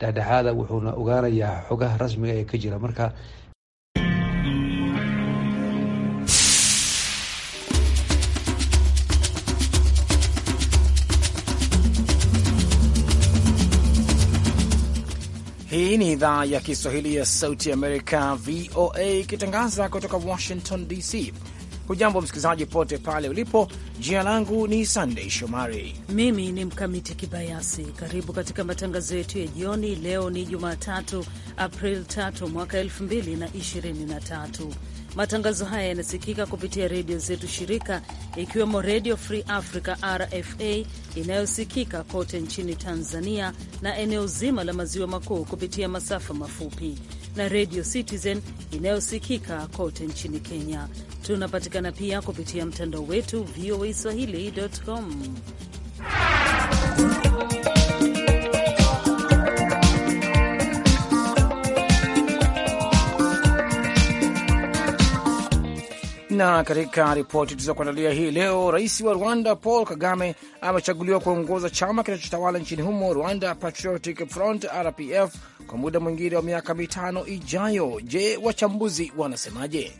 dhexdhexaada wuxuuna ogaanayaa xogaha rasmiga ee ka jira marka Hii ni idhaa ya Kiswahili ya Sauti Amerika, VOA, ikitangaza kutoka Washington DC. Hujambo msikilizaji pote pale ulipo. Jina langu ni Sandei Shomari, mimi ni Mkamiti Kibayasi. Karibu katika matangazo yetu ya jioni. Leo ni Jumatatu, April 3 mwaka 2023. Matangazo haya yanasikika kupitia redio zetu shirika, ikiwemo Redio Free Africa RFA inayosikika kote nchini Tanzania na eneo zima la maziwa makuu kupitia masafa mafupi na Radio Citizen inayosikika kote nchini Kenya. Tunapatikana pia kupitia mtandao wetu VOA swahili.com. Na katika ripoti tulizokuandalia hii leo, rais wa Rwanda Paul Kagame amechaguliwa kuongoza chama kinachotawala nchini humo, Rwanda Patriotic Front, RPF kwa muda mwingine wa miaka mitano ijayo. Je, wachambuzi wanasemaje?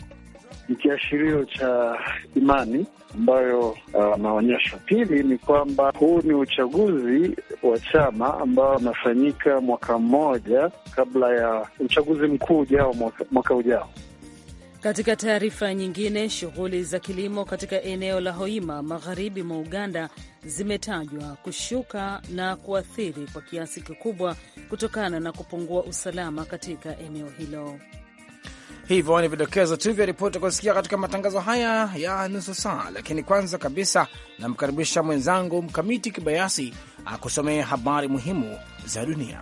Ni kiashirio cha imani ambayo anaonyesha. Uh, pili ni kwamba huu ni uchaguzi wa chama ambao unafanyika mwaka mmoja kabla ya uchaguzi mkuu ujao mwaka, mwaka ujao. Katika taarifa nyingine, shughuli za kilimo katika eneo la Hoima magharibi mwa Uganda zimetajwa kushuka na kuathiri kwa kiasi kikubwa kutokana na kupungua usalama katika eneo hilo. Hivyo ni vidokezo tu vya ripoti kusikia katika matangazo haya ya nusu saa, lakini kwanza kabisa namkaribisha mwenzangu Mkamiti Kibayasi akusomee habari muhimu za dunia.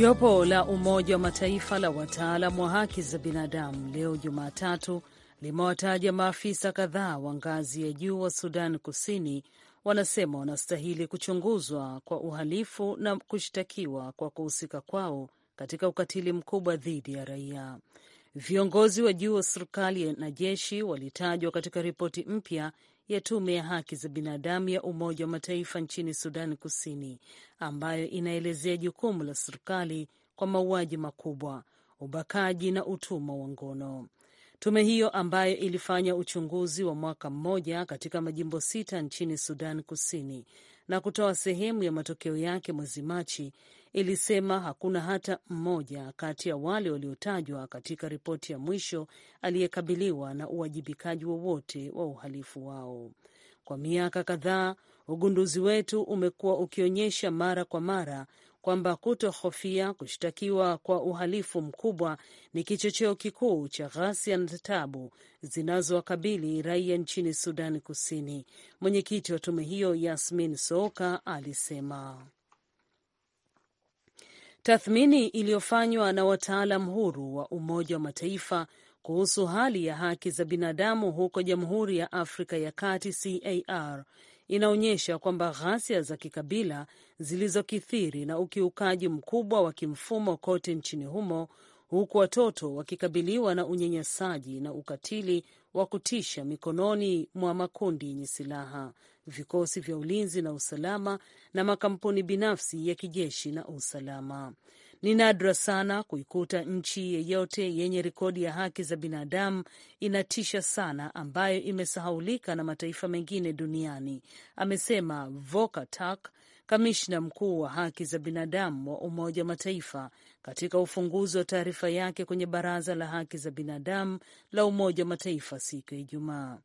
Jopo la Umoja wa Mataifa la wataalam wa haki za binadamu leo Jumatatu limewataja maafisa kadhaa wa ngazi ya juu wa Sudan Kusini wanasema wanastahili kuchunguzwa kwa uhalifu na kushtakiwa kwa kuhusika kwao katika ukatili mkubwa dhidi ya raia. Viongozi wa juu wa serikali na jeshi walitajwa katika ripoti mpya ya tume ya haki za binadamu ya Umoja wa Mataifa nchini sudani Kusini, ambayo inaelezea jukumu la serikali kwa mauaji makubwa, ubakaji na utumwa wa ngono. Tume hiyo ambayo ilifanya uchunguzi wa mwaka mmoja katika majimbo sita nchini Sudan Kusini na kutoa sehemu ya matokeo yake mwezi Machi ilisema hakuna hata mmoja kati ya wale waliotajwa katika ripoti ya mwisho aliyekabiliwa na uwajibikaji wowote wa, wa uhalifu wao. Kwa miaka kadhaa, ugunduzi wetu umekuwa ukionyesha mara kwa mara kwamba kutohofia kushtakiwa kwa uhalifu mkubwa ni kichocheo kikuu cha ghasia na tabu zinazowakabili raia nchini Sudani Kusini. Mwenyekiti wa tume hiyo Yasmin Sooka alisema tathmini iliyofanywa na wataalam huru wa Umoja wa Mataifa kuhusu hali ya haki za binadamu huko Jamhuri ya Afrika ya Kati CAR inaonyesha kwamba ghasia za kikabila zilizokithiri na ukiukaji mkubwa wa kimfumo kote nchini humo, huku watoto wakikabiliwa na unyanyasaji na ukatili wa kutisha mikononi mwa makundi yenye silaha, vikosi vya ulinzi na usalama na makampuni binafsi ya kijeshi na usalama. Ni nadra sana kuikuta nchi yeyote yenye rekodi ya haki za binadamu, inatisha sana, ambayo imesahaulika na mataifa mengine duniani, amesema Volker Turk, kamishna mkuu wa haki za binadamu wa Umoja wa Mataifa katika ufunguzi wa taarifa yake kwenye Baraza la Haki za Binadamu la Umoja wa Mataifa siku ya Ijumaa.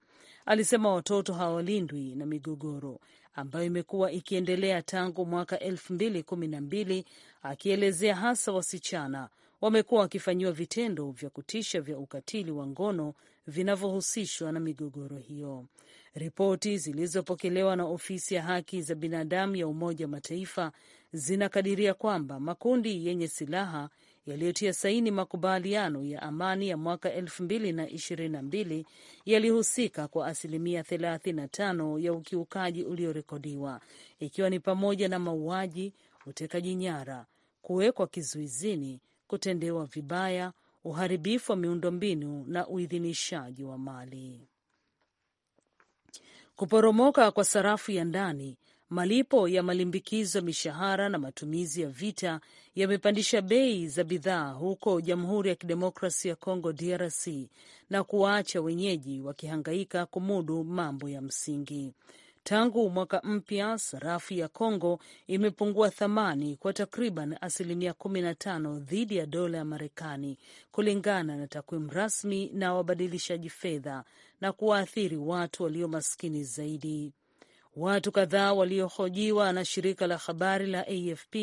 Alisema watoto hawalindwi na migogoro, ambayo imekuwa ikiendelea tangu mwaka elfu mbili kumi na mbili, akielezea hasa wasichana wamekuwa wakifanyiwa vitendo vya kutisha vya ukatili wa ngono vinavyohusishwa na migogoro hiyo. Ripoti zilizopokelewa na ofisi ya haki za binadamu ya Umoja wa Mataifa zinakadiria kwamba makundi yenye silaha yaliyotia saini makubaliano ya amani ya mwaka elfu mbili na na mbili yalihusika kwa asilimia 35 na tano ya ukiukaji uliorekodiwa ikiwa ni pamoja na mauaji, utekaji nyara, kuwekwa kizuizini, kutendewa vibaya, uharibifu wa miundombinu na uidhinishaji wa mali. Kuporomoka kwa sarafu ya ndani Malipo ya malimbikizo ya mishahara na matumizi ya vita yamepandisha bei za bidhaa huko Jamhuri ya Kidemokrasi ya Kongo DRC na kuwaacha wenyeji wakihangaika kumudu mambo ya msingi. Tangu mwaka mpya, sarafu ya Kongo imepungua thamani kwa takriban asilimia 15 dhidi ya dola ya Marekani, kulingana na takwimu rasmi na wabadilishaji fedha, na kuwaathiri watu walio maskini zaidi. Watu kadhaa waliohojiwa na shirika la habari la AFP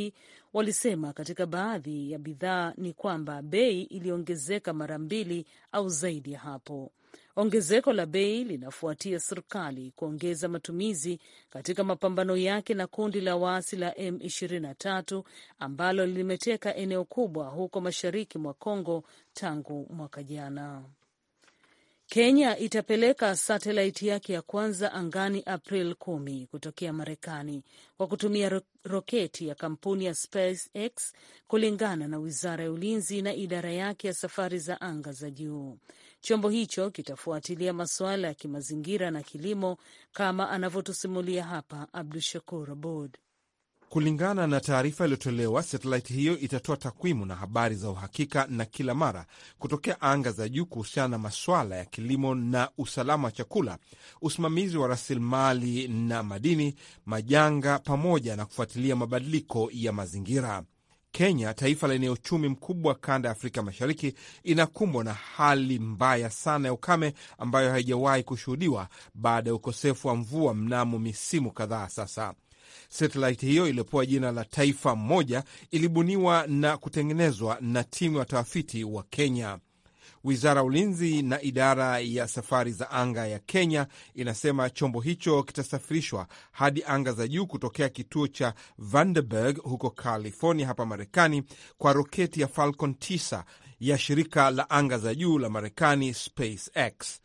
walisema katika baadhi ya bidhaa ni kwamba bei iliongezeka mara mbili au zaidi ya hapo. Ongezeko la bei linafuatia serikali kuongeza matumizi katika mapambano yake na kundi la waasi la M23 ambalo limeteka eneo kubwa huko mashariki mwa Kongo tangu mwaka jana. Kenya itapeleka satelaiti yake ya kwanza angani April kumi kutokea Marekani kwa kutumia ro roketi ya kampuni ya SpaceX kulingana na wizara ya ulinzi na idara yake ya safari za anga za juu. Chombo hicho kitafuatilia masuala ya kimazingira na kilimo, kama anavyotusimulia hapa Abdu Shakur Abud. Kulingana na taarifa iliyotolewa, satelaiti hiyo itatoa takwimu na habari za uhakika na kila mara kutokea anga za juu kuhusiana na maswala ya kilimo na usalama wa chakula, usimamizi wa rasilimali na madini, majanga, pamoja na kufuatilia mabadiliko ya mazingira. Kenya, taifa lenye uchumi mkubwa kanda ya Afrika Mashariki, inakumbwa na hali mbaya sana ya ukame ambayo haijawahi kushuhudiwa baada ya ukosefu wa mvua mnamo misimu kadhaa sasa. Satellite hiyo iliyopewa jina la Taifa Moja ilibuniwa na kutengenezwa na timu ya tafiti wa Kenya. Wizara ya Ulinzi na idara ya safari za anga ya Kenya inasema chombo hicho kitasafirishwa hadi anga za juu kutokea kituo cha Vandenberg huko California hapa Marekani kwa roketi ya Falcon 9 ya shirika la anga za juu la Marekani SpaceX.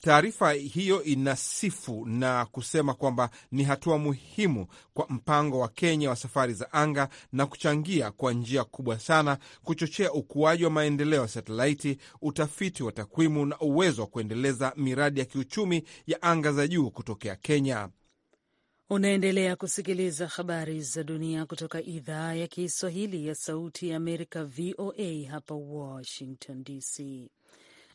Taarifa hiyo inasifu na kusema kwamba ni hatua muhimu kwa mpango wa Kenya wa safari za anga na kuchangia kwa njia kubwa sana kuchochea ukuaji wa maendeleo ya satelaiti, utafiti wa takwimu na uwezo wa kuendeleza miradi ya kiuchumi ya anga za juu kutokea Kenya. Unaendelea kusikiliza habari za dunia kutoka idhaa ya Kiswahili ya Sauti ya Amerika, VOA hapa Washington DC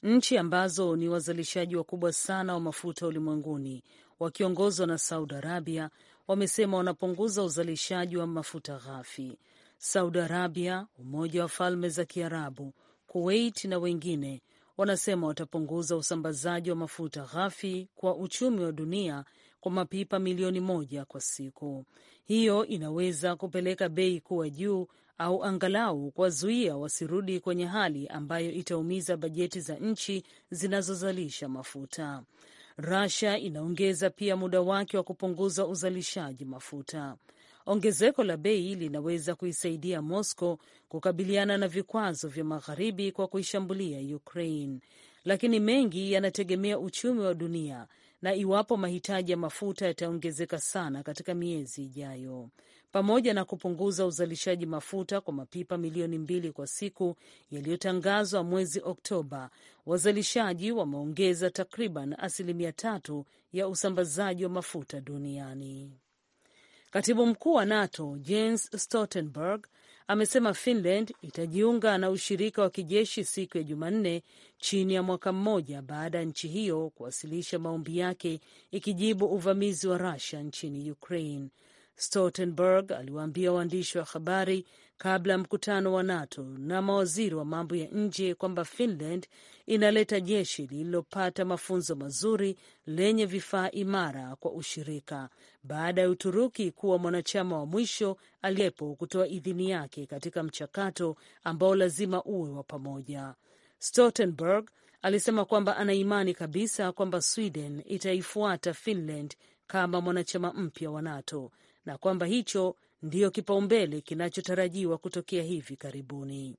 nchi ambazo ni wazalishaji wakubwa sana wa mafuta ulimwenguni wakiongozwa na Saudi Arabia wamesema wanapunguza uzalishaji wa mafuta ghafi. Saudi Arabia, Umoja wa Falme za Kiarabu, Kuwait na wengine wanasema watapunguza usambazaji wa mafuta ghafi kwa uchumi wa dunia kwa mapipa milioni moja kwa siku. Hiyo inaweza kupeleka bei kuwa juu au angalau kuwazuia wasirudi kwenye hali ambayo itaumiza bajeti za nchi zinazozalisha mafuta. Russia inaongeza pia muda wake wa kupunguza uzalishaji mafuta. Ongezeko la bei linaweza kuisaidia Moscow kukabiliana na vikwazo vya magharibi kwa kuishambulia Ukraine, lakini mengi yanategemea uchumi wa dunia na iwapo mahitaji ya mafuta yataongezeka sana katika miezi ijayo. Pamoja na kupunguza uzalishaji mafuta kwa mapipa milioni mbili kwa siku yaliyotangazwa mwezi Oktoba, wazalishaji wameongeza takriban asilimia tatu ya usambazaji wa mafuta duniani. Katibu mkuu wa NATO Jens Stoltenberg amesema Finland itajiunga na ushirika wa kijeshi siku ya Jumanne, chini ya mwaka mmoja baada ya nchi hiyo kuwasilisha maombi yake ikijibu uvamizi wa Rusia nchini Ukraine. Stoltenberg aliwaambia waandishi wa habari kabla ya mkutano wa NATO na mawaziri wa mambo ya nje kwamba Finland inaleta jeshi lililopata mafunzo mazuri lenye vifaa imara kwa ushirika baada ya Uturuki kuwa mwanachama wa mwisho aliyepo kutoa idhini yake katika mchakato ambao lazima uwe wa pamoja. Stoltenberg alisema kwamba ana imani kabisa kwamba Sweden itaifuata Finland kama mwanachama mpya wa NATO na kwamba hicho ndiyo kipaumbele kinachotarajiwa kutokea hivi karibuni.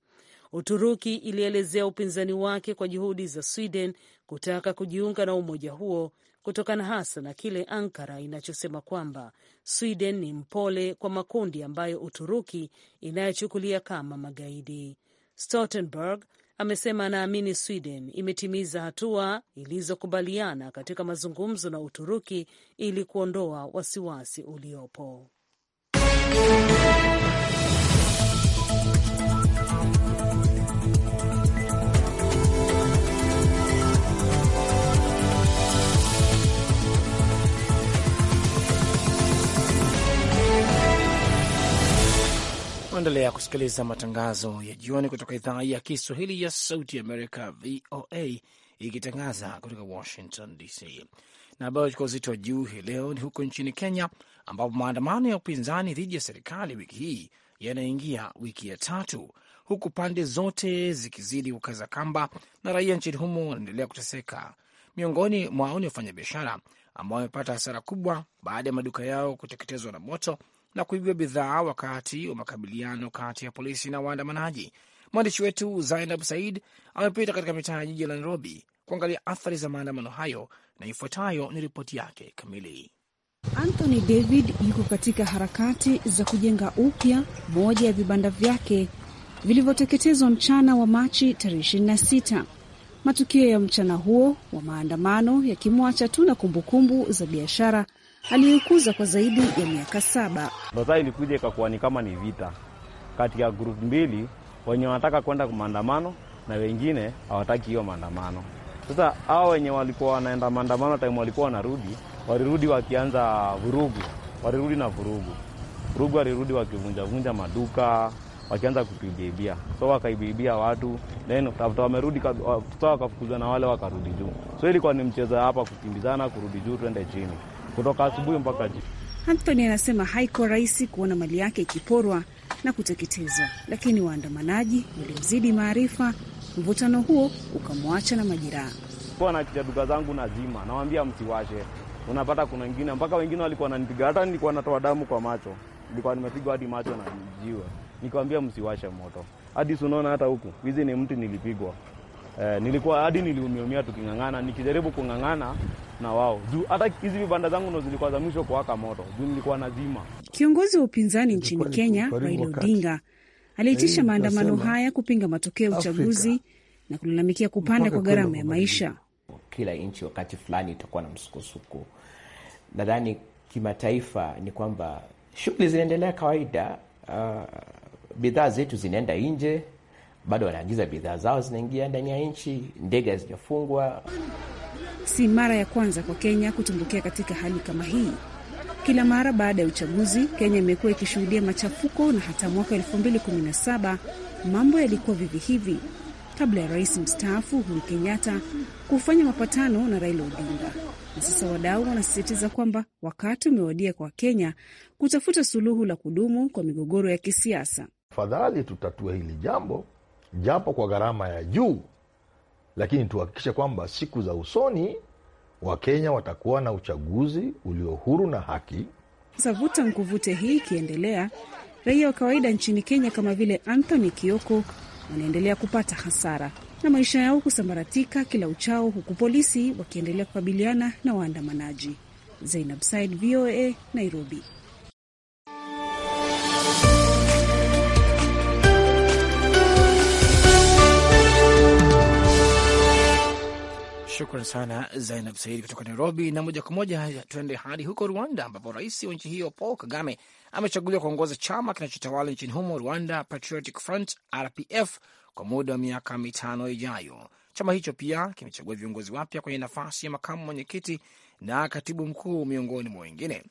Uturuki ilielezea upinzani wake kwa juhudi za Sweden kutaka kujiunga na umoja huo kutokana hasa na kile Ankara inachosema kwamba Sweden ni mpole kwa makundi ambayo Uturuki inayochukulia kama magaidi. Stoltenberg amesema anaamini Sweden imetimiza hatua ilizokubaliana katika mazungumzo na Uturuki ili kuondoa wasiwasi uliopo. Endelea kusikiliza matangazo ya jioni kutoka idhaa ya Kiswahili ya Sauti ya Amerika, VOA, ikitangaza kutoka Washington DC na ambayo ilikuwa uzito wa juu hii leo ni huko nchini Kenya, ambapo maandamano ya upinzani dhidi ya serikali wiki hii yanaingia wiki ya tatu, huku pande zote zikizidi kukaza kamba na raia nchini humo wanaendelea kuteseka. Miongoni mwa maoni wafanyabiashara ambao wamepata hasara kubwa baada ya maduka yao kuteketezwa na moto na kuibiwa bidhaa wakati wa makabiliano kati ya polisi na waandamanaji. Mwandishi wetu Zainab Said amepita katika mitaa ya jiji la Nairobi kuangalia athari za maandamano hayo na ifuatayo ni ripoti yake kamili. Anthony David yuko katika harakati za kujenga upya moja ya vibanda vyake vilivyoteketezwa mchana wa Machi tarehe 26. Matukio ya mchana huo wa maandamano yakimwacha tu na kumbukumbu za biashara aliyokuza kwa zaidi ya miaka saba. Sasa ilikuja ikakuwa ni kama ni vita kati ya grupu mbili wenye wanataka kwenda maandamano na wengine hawataki hiyo maandamano. Sasa hao wenye walikuwa wanaenda maandamano time walikuwa wanarudi, walirudi wakianza vurugu, walirudi na vurugu vurugu, walirudi wakivunjavunja maduka wakianza kutuibibia, so wakaibibia watu, then tafuta wamerudi so wakafukuzwa na wale wakarudi juu. So ilikuwa ni mchezo hapa, kukimbizana, kurudi juu, twende chini, kutoka asubuhi mpaka jioni. Anthony anasema haiko rahisi kuona mali yake ikiporwa na kuteketezwa, lakini waandamanaji walimzidi maarifa Mvutano huo ukamwacha na majeraha. Kwa nakicha duka zangu nazima, nawambia msiwashe. Unapata kuna wengine mpaka wengine walikuwa wananipiga, hata nilikuwa natoa damu kwa macho, nilikuwa nimepigwa hadi macho na jiwe, nikawambia msiwashe moto hadi sunaona, hata huku hizi ni mti nilipigwa. Eh, nilikuwa hadi niliumiumia tuking'ang'ana, nikijaribu kung'ang'ana na wao juu hata hizi vibanda zangu ndo zilikuwa za mwisho kuwaka moto juu nilikuwa nazima. Kiongozi wa upinzani nchini Kenya Raila Odinga aliitisha maandamano haya kupinga matokeo ya uchaguzi na kulalamikia kupanda kwa gharama ya maisha. Kila nchi wakati fulani itakuwa na msukosuko. Nadhani kimataifa ni kwamba shughuli zinaendelea kawaida. Uh, bidhaa zetu zinaenda nje, bado wanaagiza bidhaa zao zinaingia ndani ya nchi, ndege hazijafungwa. Si mara ya kwanza kwa Kenya kutumbukia katika hali kama hii. Kila mara baada ya uchaguzi, Kenya imekuwa ikishuhudia machafuko na hata mwaka 2017 mambo yalikuwa vivi hivi kabla ya rais mstaafu Uhuru Kenyatta kufanya mapatano na Raila Odinga. Na sasa wadau wanasisitiza kwamba wakati umewadia kwa Kenya kutafuta suluhu la kudumu kwa migogoro ya kisiasa. Afadhali tutatua hili jambo japo kwa gharama ya juu, lakini tuhakikishe kwamba siku za usoni Wakenya watakuwa na uchaguzi ulio huru na haki. Sasa vuta nkuvute hii ikiendelea, raia wa kawaida nchini Kenya kama vile Anthony Kioko wanaendelea kupata hasara na maisha yao kusambaratika kila uchao, huku polisi wakiendelea kukabiliana na waandamanaji. Zainab Said, VOA, Nairobi. Shukran sana Zainab Saidi kutoka Nairobi. Na moja kwa moja tuende hadi huko Rwanda, ambapo rais wa nchi hiyo Paul Kagame amechaguliwa kuongoza chama kinachotawala nchini humo, Rwanda Patriotic Front, RPF, kwa muda wa miaka mitano ijayo. Chama hicho pia kimechagua viongozi wapya kwenye nafasi ya makamu mwenyekiti na katibu mkuu, miongoni mwa wengine.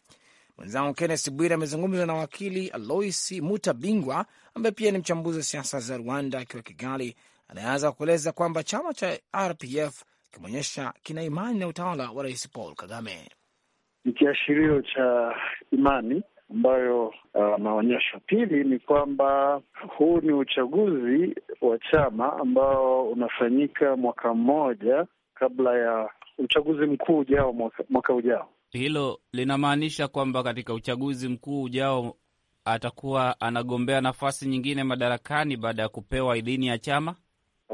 Mwenzangu Kennes Bwire amezungumza na wakili Alois Mutabingwa ambaye pia ni mchambuzi wa siasa za Rwanda akiwa Kigali. Anaanza kueleza kwamba chama cha RPF kimeonyesha kina imani na utawala wa Rais Paul Kagame. Ni kiashirio cha imani ambayo uh, maonyesho. Pili ni kwamba huu ni uchaguzi wa chama ambao unafanyika mwaka mmoja kabla ya uchaguzi mkuu ujao mwaka, mwaka ujao. Hilo linamaanisha kwamba katika uchaguzi mkuu ujao atakuwa anagombea nafasi nyingine madarakani baada ya kupewa idhini ya chama.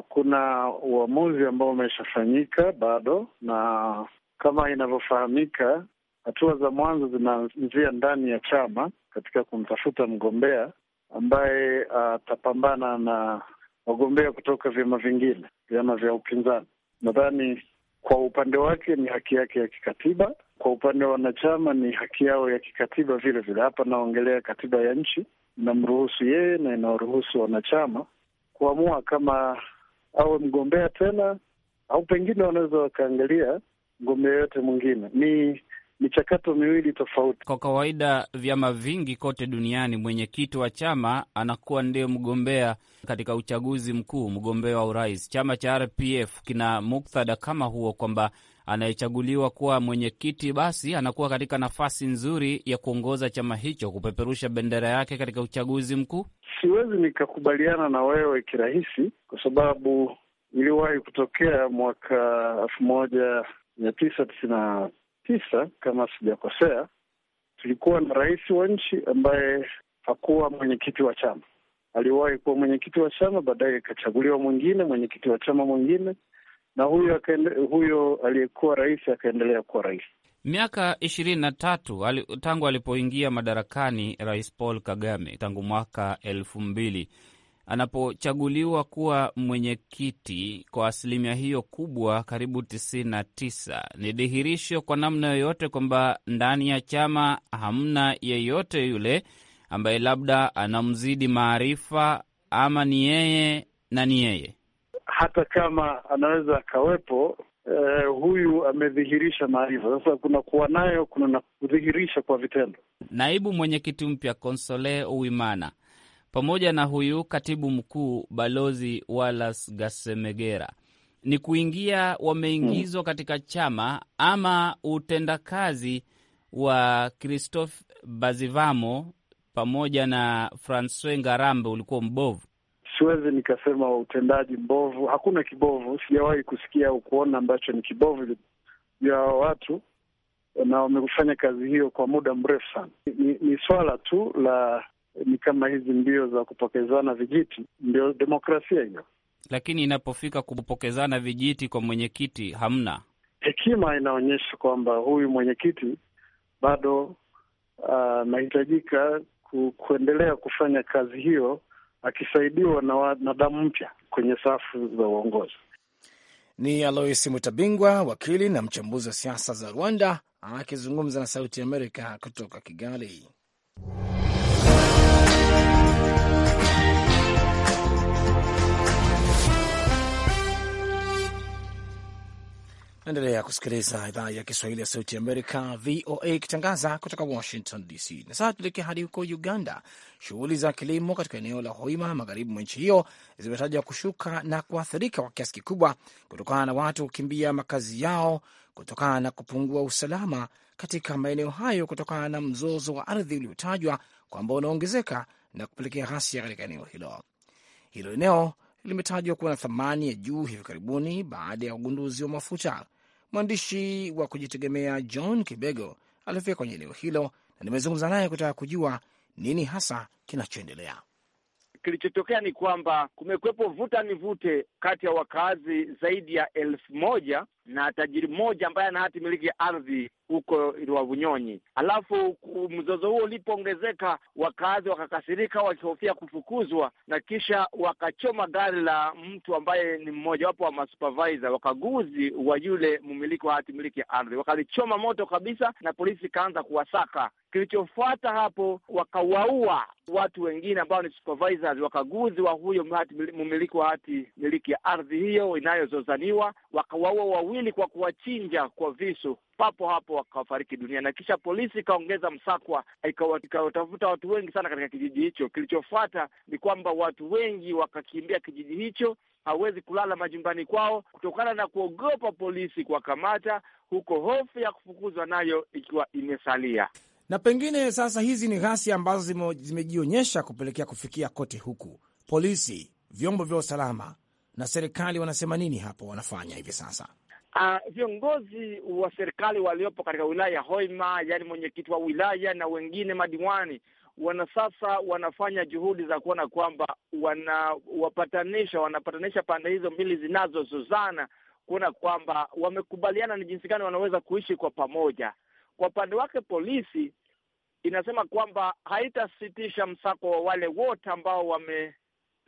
Kuna uamuzi ambao umeshafanyika bado, na kama inavyofahamika, hatua za mwanzo zinaanzia ndani ya chama katika kumtafuta mgombea ambaye atapambana uh, na wagombea kutoka vyama vingine, vyama vya upinzani. Nadhani kwa upande wake ni haki yake ya kikatiba, kwa upande wa wanachama ni haki yao ya kikatiba vile vile. Hapa naongelea katiba ya nchi inamruhusu yeye na inawaruhusu wanachama kuamua kama awe mgombea tena, au pengine wanaweza wakaangalia mgombea yote mwingine. Ni michakato miwili tofauti. Kwa kawaida, vyama vingi kote duniani, mwenyekiti wa chama anakuwa ndiyo mgombea katika uchaguzi mkuu, mgombea wa urais. Chama cha RPF kina muktadha kama huo, kwamba anayechaguliwa kuwa mwenyekiti, basi anakuwa katika nafasi nzuri ya kuongoza chama hicho kupeperusha bendera yake katika uchaguzi mkuu? Siwezi nikakubaliana na wewe kirahisi, kwa sababu iliwahi kutokea mwaka elfu moja mia tisa tisini na tisa kama sijakosea, tulikuwa na rais wa nchi ambaye hakuwa mwenyekiti wa chama. Aliwahi kuwa mwenyekiti wa chama, baadaye ikachaguliwa mwingine mwenyekiti wa chama mwingine na huyo huyo aliyekuwa rais akaendelea kuwa rais miaka ishirini na tatu ali, tangu alipoingia madarakani Rais Paul Kagame tangu mwaka elfu mbili anapochaguliwa kuwa mwenyekiti kwa asilimia hiyo kubwa, karibu 99, ni dhihirisho kwa namna yoyote kwamba ndani ya chama hamna yeyote yule ambaye labda anamzidi maarifa ama ni yeye na ni yeye hata kama anaweza akawepo, eh, huyu amedhihirisha maarifa. Sasa kuna kuwa nayo, kuna na kudhihirisha kwa vitendo. Naibu mwenyekiti mpya Konsole Uwimana pamoja na huyu katibu mkuu Balozi walas Gasemegera ni kuingia, wameingizwa hmm. katika chama ama utendakazi wa Christophe Bazivamo pamoja na Francois Ngarambe ulikuwa mbovu siwezi nikasema utendaji mbovu. Hakuna kibovu, sijawahi kusikia au kuona ambacho ni kibovu ya watu, na wamefanya kazi hiyo kwa muda mrefu sana. Ni, ni swala tu la ni kama hizi mbio za kupokezana vijiti, ndio demokrasia hiyo. Lakini inapofika kupokezana vijiti kwa mwenyekiti, hamna hekima. Inaonyesha kwamba huyu mwenyekiti bado ah, anahitajika uh, kuendelea kufanya kazi hiyo akisaidiwa na wanadamu mpya kwenye safu za uongozi. Ni Alois Mutabingwa, wakili na mchambuzi wa siasa za Rwanda, akizungumza na Sauti ya Amerika kutoka Kigali. Naendelea kusikiliza idhaa ya Kiswahili ya Sauti Amerika, VOA, ikitangaza kutoka Washington DC. Na sasa tuleke hadi huko Uganda. Shughuli za kilimo katika eneo la Hoima, magharibi mwa nchi hiyo, zimetajwa kushuka na kuathirika kwa kiasi kikubwa kutokana na watu kukimbia makazi yao kutokana na kupungua usalama katika maeneo hayo kutokana na mzozo wa ardhi uliotajwa kwamba unaongezeka na kupelekea ghasia katika eneo hilo. Hilo eneo limetajwa kuwa na thamani ya juu hivi karibuni baada ya ugunduzi wa mafuta Mwandishi wa kujitegemea John Kibego alifika kwenye eneo hilo na nimezungumza naye kutaka kujua nini hasa kinachoendelea. Kilichotokea ni kwamba kumekuwepo vuta ni vute kati ya wakazi zaidi ya elfu moja na tajiri mmoja ambaye ana hati miliki ya ardhi huko Rwavunyonyi. Alafu mzozo huo ulipoongezeka, wakazi wakakasirika, wakihofia kufukuzwa, na kisha wakachoma gari la mtu ambaye ni mmojawapo wa masupervisor wakaguzi wa yule mmiliki wa hati miliki ya ardhi, wakalichoma moto kabisa, na polisi ikaanza kuwasaka. Kilichofuata hapo, wakawaua watu wengine ambao ni supervisors, wakaguzi wa huyo mmiliki wa hati miliki ya ardhi hiyo inayozozaniwa, wakawaua wawili wawili kwa kuwachinja kwa visu, papo hapo wakafariki dunia, na kisha polisi ikaongeza msakwa, ikawatafuta watu wengi sana katika kijiji hicho. Kilichofuata ni kwamba watu wengi wakakimbia kijiji hicho, hawezi kulala majumbani kwao kutokana na kuogopa polisi kuwakamata huko, hofu ya kufukuzwa nayo ikiwa imesalia na pengine sasa hizi ni ghasia ambazo zimejionyesha kupelekea kufikia kote huku. Polisi, vyombo vya usalama na serikali wanasema nini hapo, wanafanya hivi sasa? Uh, viongozi wa serikali waliopo katika wilaya ya Hoima, yaani mwenyekiti wa wilaya na wengine madiwani, wana sasa wanafanya juhudi za kuona kwamba wanawapatanisha, wanapatanisha pande hizo mbili zinazozozana kuona kwamba wamekubaliana ni jinsi gani wanaweza kuishi kwa pamoja. Kwa upande wake, polisi inasema kwamba haitasitisha msako wa wale wote ambao wame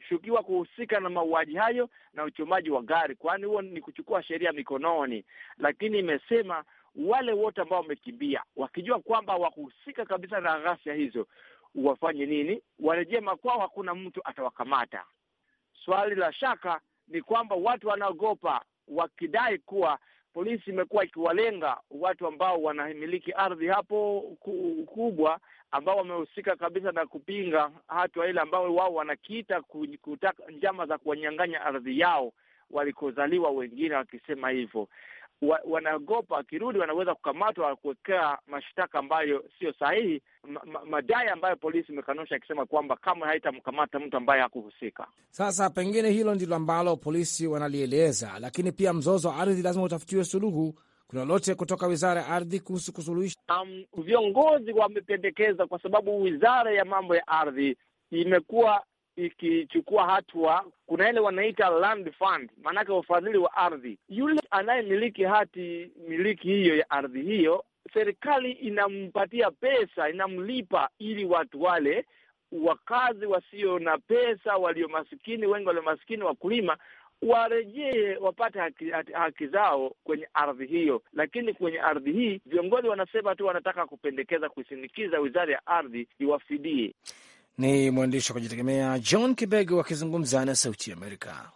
kushukiwa kuhusika na mauaji hayo na uchomaji wa gari, kwani huo ni kuchukua sheria mikononi. Lakini imesema wale wote ambao wamekimbia wakijua kwamba wakuhusika kabisa na ghasia hizo wafanye nini? Warejee makwao, hakuna mtu atawakamata. Swali la shaka ni kwamba watu wanaogopa, wakidai kuwa polisi imekuwa ikiwalenga watu ambao wanamiliki ardhi hapo kubwa ambao wamehusika kabisa na kupinga hatua ile ambayo wao wanakiita kutaka njama za kuwanyang'anya ardhi yao walikozaliwa, wengine wakisema hivyo wa, wanaogopa wakirudi wanaweza kukamatwa kuwekea mashtaka ambayo sio sahihi, madai ambayo polisi imekanusha akisema kwamba kamwe haitamkamata mtu ambaye hakuhusika. Sasa pengine hilo ndilo ambalo polisi wanalieleza, lakini pia mzozo wa ardhi lazima utafutiwe suluhu kuna lote kutoka wizara ya ardhi kuhusu kusuluhisha? Um, viongozi wamependekeza, kwa sababu wizara ya mambo ya ardhi imekuwa ikichukua hatua. Kuna ile wanaita land fund, maanake wafadhili wa ardhi. Yule anayemiliki hati miliki hiyo ya ardhi hiyo, serikali inampatia pesa, inamlipa ili watu wale wakazi wasio na pesa, walio masikini, wengi walio masikini, wakulima warejee wapate haki, haki zao kwenye ardhi hiyo. Lakini kwenye ardhi hii viongozi wanasema tu wanataka kupendekeza kushinikiza wizara ya ardhi iwafidie. Ni mwandishi wa kujitegemea John Kibego akizungumza na Sauti ya Amerika.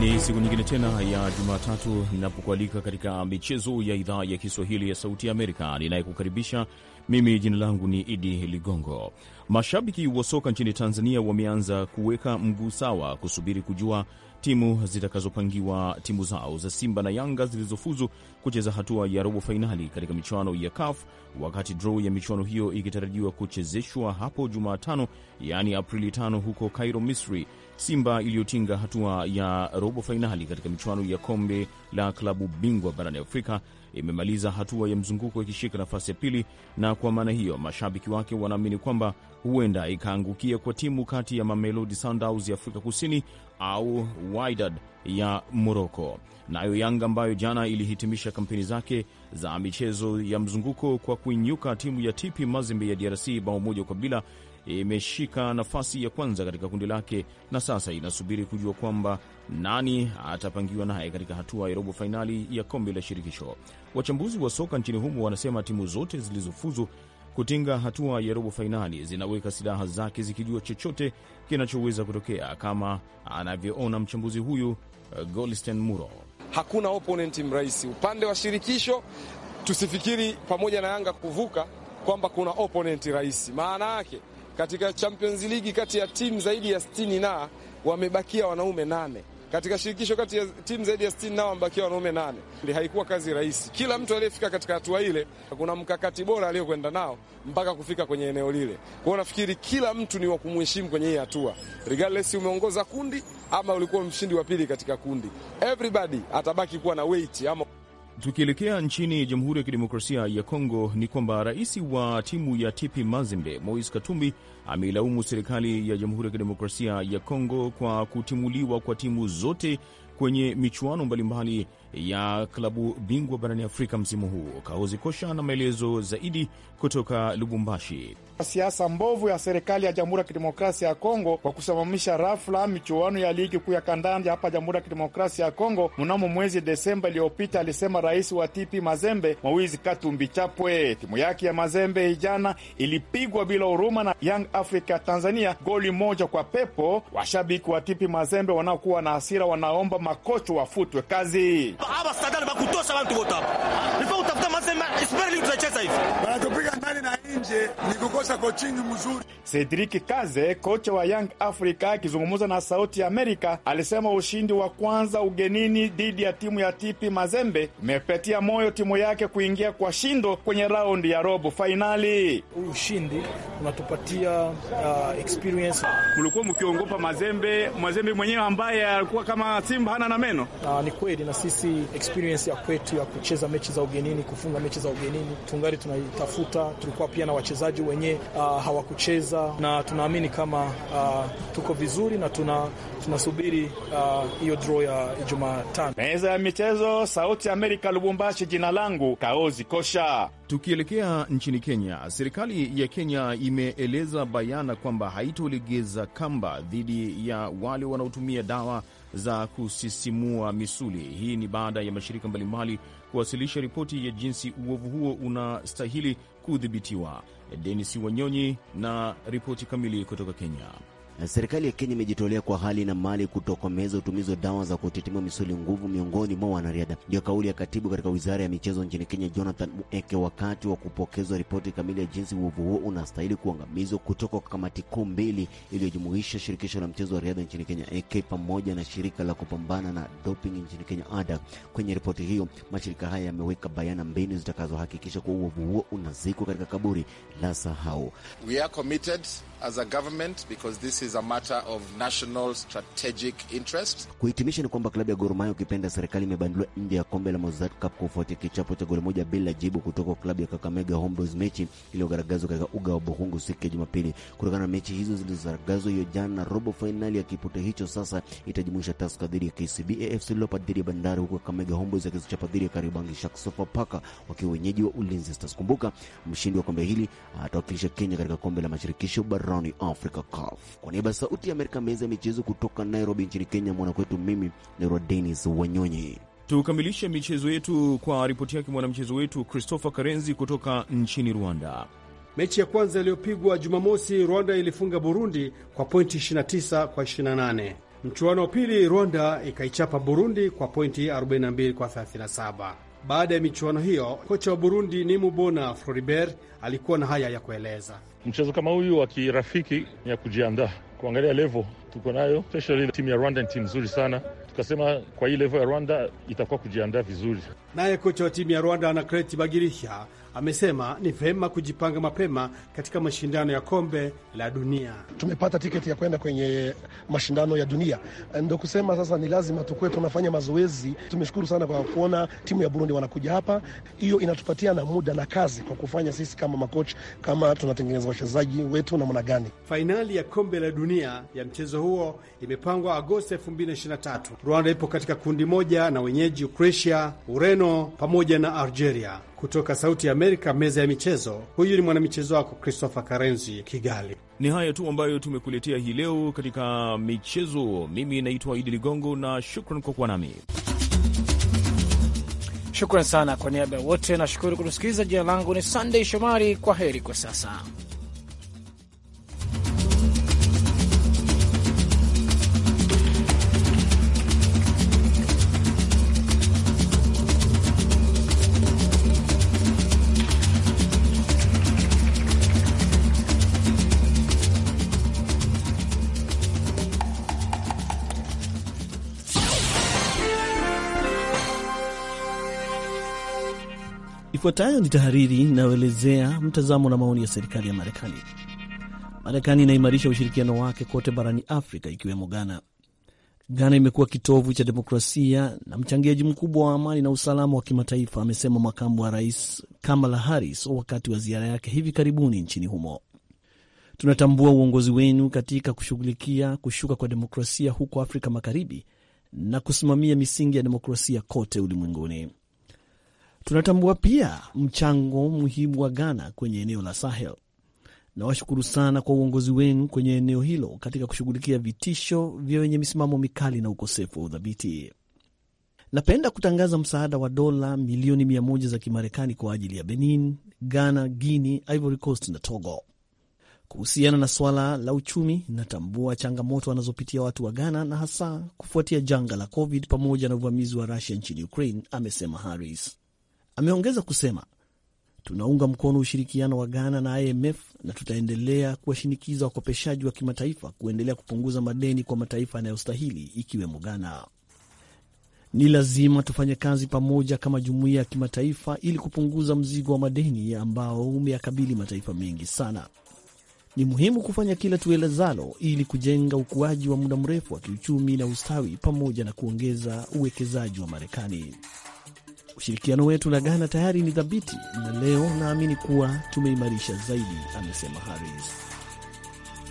Ni siku nyingine tena ya Jumatatu napokualika katika michezo ya idhaa ya Kiswahili ya Sauti ya Amerika. Ninayekukaribisha mimi jina langu ni Idi Ligongo. Mashabiki wa soka nchini Tanzania wameanza kuweka mguu sawa kusubiri kujua timu zitakazopangiwa timu zao za Simba na Yanga zilizofuzu kucheza hatua ya robo fainali katika michuano ya CAF, wakati draw ya michuano hiyo ikitarajiwa kuchezeshwa hapo Jumatano, yaani Aprili tano huko Cairo, Misri, Simba iliyotinga hatua ya robo fainali katika michuano ya kombe la klabu bingwa barani Afrika imemaliza hatua ya mzunguko ikishika nafasi ya pili, na kwa maana hiyo mashabiki wake wanaamini kwamba huenda ikaangukia kwa timu kati ya Mamelodi Sundowns ya Afrika Kusini au Wydad ya Moroko. Nayo Yanga ambayo jana ilihitimisha kampeni zake za michezo ya mzunguko kwa kuinyuka timu ya TP Mazembe ya DRC bao moja kwa bila imeshika nafasi ya kwanza katika kundi lake na sasa inasubiri kujua kwamba nani atapangiwa naye katika hatua ya robo fainali ya kombe la shirikisho. Wachambuzi wa soka nchini humo wanasema timu zote zilizofuzu kutinga hatua ya robo fainali zinaweka silaha zake zikijua chochote kinachoweza kutokea, kama anavyoona mchambuzi huyu eh, Golsten Muro. Hakuna oponenti mrahisi upande wa shirikisho. Tusifikiri pamoja na Yanga kuvuka kwamba kuna oponenti rahisi, maana yake katika Champions League kati ya timu zaidi ya 60 na wamebakia wanaume nane katika shirikisho kati ya timu zaidi ya 60 nao wamebakia wanaume nane. Haikuwa kazi rahisi. Kila mtu aliyefika katika hatua ile, kuna mkakati bora aliyokwenda nao mpaka kufika kwenye eneo lile. Kwao nafikiri kila mtu ni wa kumheshimu kwenye hii hatua, regardless umeongoza kundi ama ulikuwa mshindi wa pili katika kundi, everybody atabaki kuwa na weight ama Tukielekea nchini Jamhuri ya Kidemokrasia ya Kongo ni kwamba rais wa timu ya TP Mazembe mois Katumbi ameilaumu serikali ya Jamhuri ya Kidemokrasia ya Kongo kwa kutimuliwa kwa timu zote kwenye michuano mbalimbali ya klabu bingwa barani Afrika msimu huu. Kaozi Kosha na maelezo zaidi kutoka Lubumbashi. Siasa mbovu ya serikali ya Jamhuri ya Kidemokrasia ya Kongo kwa kusimamisha rafla michuano ya ligi kuu ya kandanda hapa Jamhuri ya Kidemokrasia ya Kongo mnamo mwezi Desemba iliyopita, alisema rais wa TP Mazembe Mawizi Katumbi Chapwe. Timu yake ya Mazembe ijana ilipigwa bila huruma na Young Africa Tanzania goli moja kwa pepo. Washabiki wa TP Mazembe wanaokuwa na hasira wanaomba makocha wafutwe kazi. Hapa stadani bakutosha nje ni kukosa coaching mzuri. Cedric Kaze, kocha wa Young Africa, akizungumza na Sauti ya Amerika, alisema ushindi wa kwanza ugenini dhidi ya timu ya TP Mazembe umepatia moyo timu yake kuingia kwa shindo kwenye raundi ya robo fainali. ushindi unatupatia uh, experience. Mlikuwa mkiongopa Mazembe, Mazembe mwenyewe ambaye alikuwa kama simba hana na meno. Uh, ni kweli na sisi experience ya kwetu ya kucheza mechi za ugenini, kufunga mechi za ugenini tungali tunaitafuta, tulikuwa pia pia na wachezaji wenyewe uh, hawakucheza, na tunaamini kama uh, tuko vizuri na tuna tunasubiri uh, hiyo uh, draw ya Jumatano. Meza ya michezo, Sauti ya Amerika, Lubumbashi. Jina langu Kaozi Kosha. Tukielekea nchini Kenya, serikali ya Kenya imeeleza bayana kwamba haitolegeza kamba dhidi ya wale wanaotumia dawa za kusisimua misuli. Hii ni baada ya mashirika mbalimbali kuwasilisha ripoti ya jinsi uovu huo unastahili kudhibitiwa. Denis Wanyonyi na ripoti kamili kutoka Kenya. Eh, serikali ya Kenya imejitolea kwa hali na mali kutokomeza utumizi wa dawa za kutitimua misuli nguvu miongoni mwa wanariadha. Ndio kauli ya katibu katika wizara ya michezo nchini Kenya, Jonathan Mueke, wakati wa kupokezwa ripoti kamili ya jinsi uovu huo unastahili kuangamizwa kutoka kwa kamati kuu mbili iliyojumuisha shirikisho la mchezo wa riadha nchini Kenya AK pamoja na shirika la kupambana na doping nchini Kenya ADA. Kwenye ripoti hiyo, mashirika haya yameweka bayana mbinu zitakazohakikisha kuwa uovu huo unazikwa katika kaburi la sahau. We are committed as a government because this is a matter of national strategic interest. Kuhitimisha ni kwamba klabu ya Gor Mahia ukipenda serikali imebanduliwa nje ya kombe la Mozart Cup kufuatia kichapo cha goli moja bila jibu kutoka klabu ya Kakamega Homeboys, mechi iliyogaragazwa katika uga wa Buhungu siku ya Jumapili. Kutokana na mechi hizo zilizogaragazwa hiyo jana, robo fainali ya kipute hicho sasa itajumuisha Tusker dhidi ya KCB, AFC Leopards dhidi ya Bandari, huku Kakamega Homeboys akizichapa dhidi ya Karibangi Sharks, Sofapaka wakiwa wenyeji wa Ulinzi Stars. Kumbuka mshindi wa kombe hili atawakilisha Kenya katika kombe la mashirikisho bara barani Afrika, CAF. Kwa niaba ya Sauti ya Amerika, meza ya michezo kutoka Nairobi nchini Kenya, mwanakwetu mimi naitwa Denis Wanyonyi. Tukamilishe michezo yetu kwa ripoti yake mwanamchezo wetu Christopher Karenzi kutoka nchini Rwanda. Mechi ya kwanza iliyopigwa Jumamosi, Rwanda ilifunga Burundi kwa pointi 29 kwa 28. Mchuano wa pili, Rwanda ikaichapa Burundi kwa pointi 42 kwa 37. Baada ya michuano hiyo, kocha wa Burundi Nimubona Floribert alikuwa na haya ya kueleza: mchezo kama huyu wa kirafiki ya kujiandaa kuangalia levo tuko nayo, especially timu ya Rwanda ni timu nzuri sana. Tukasema kwa hii levo ya Rwanda itakuwa kujiandaa vizuri. Naye kocha wa timu ya Rwanda Anakreti Bagirisha amesema ni vema kujipanga mapema katika mashindano ya kombe la dunia. Tumepata tiketi ya kwenda kwenye mashindano ya dunia, ndo kusema sasa ni lazima tukuwe tunafanya mazoezi. Tumeshukuru sana kwa kuona timu ya Burundi wanakuja hapa, hiyo inatupatia na muda na kazi kwa kufanya sisi kama makocha, kama tunatengeneza wachezaji wetu namna gani. Fainali ya kombe la dunia ya mchezo huo imepangwa Agosti 2023. Rwanda ipo katika kundi moja na wenyeji Ukrasia, Ureno pamoja na Algeria. Kutoka Sauti ya Amerika meza ya michezo. Huyu ni mwanamichezo wako Christopher Karenzi, Kigali. Ni haya tu ambayo tumekuletea hii leo katika michezo. Mimi naitwa Idi Ligongo na shukran kwa kuwa nami. Shukran sana kwa niaba ya wote, nashukuru kutusikiliza. Jina langu ni sandey Shomari. Kwa heri kwa sasa. Ifuatayo ni tahariri inayoelezea mtazamo na maoni ya serikali ya Marekani. Marekani inaimarisha ushirikiano wake kote barani Afrika, ikiwemo Ghana. Ghana imekuwa kitovu cha demokrasia na mchangiaji mkubwa wa amani na usalama wa kimataifa, amesema makamu wa rais Kamala Harris wakati wa ziara yake hivi karibuni nchini humo. Tunatambua uongozi wenu katika kushughulikia kushuka kwa demokrasia huko Afrika Magharibi na kusimamia misingi ya demokrasia kote ulimwenguni. Tunatambua pia mchango muhimu wa Ghana kwenye eneo la Sahel. Nawashukuru sana kwa uongozi wenu kwenye eneo hilo katika kushughulikia vitisho vya wenye misimamo mikali na ukosefu wa udhabiti. Napenda kutangaza msaada wa dola milioni mia moja za Kimarekani kwa ajili ya Benin, Ghana, Guinea, Ivory Coast na Togo. Kuhusiana na swala la uchumi, natambua changamoto wanazopitia watu wa Ghana na hasa kufuatia janga la COVID pamoja na uvamizi wa Rusia nchini Ukraine, amesema Harris. Ameongeza kusema tunaunga mkono ushirikiano wa Ghana na IMF na tutaendelea kuwashinikiza wakopeshaji wa kimataifa kuendelea kupunguza madeni kwa mataifa yanayostahili ikiwemo Ghana. Ni lazima tufanye kazi pamoja kama jumuiya ya kimataifa ili kupunguza mzigo wa madeni ambao umeyakabili mataifa mengi sana. Ni muhimu kufanya kila tuelezalo ili kujenga ukuaji wa muda mrefu wa kiuchumi na ustawi pamoja na kuongeza uwekezaji wa Marekani. Ushirikiano wetu na Ghana tayari ni thabiti na leo naamini kuwa tumeimarisha zaidi, amesema Harris.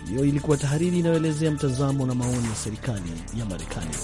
Hiyo ilikuwa tahariri inayoelezea mtazamo na maoni ya serikali ya Marekani.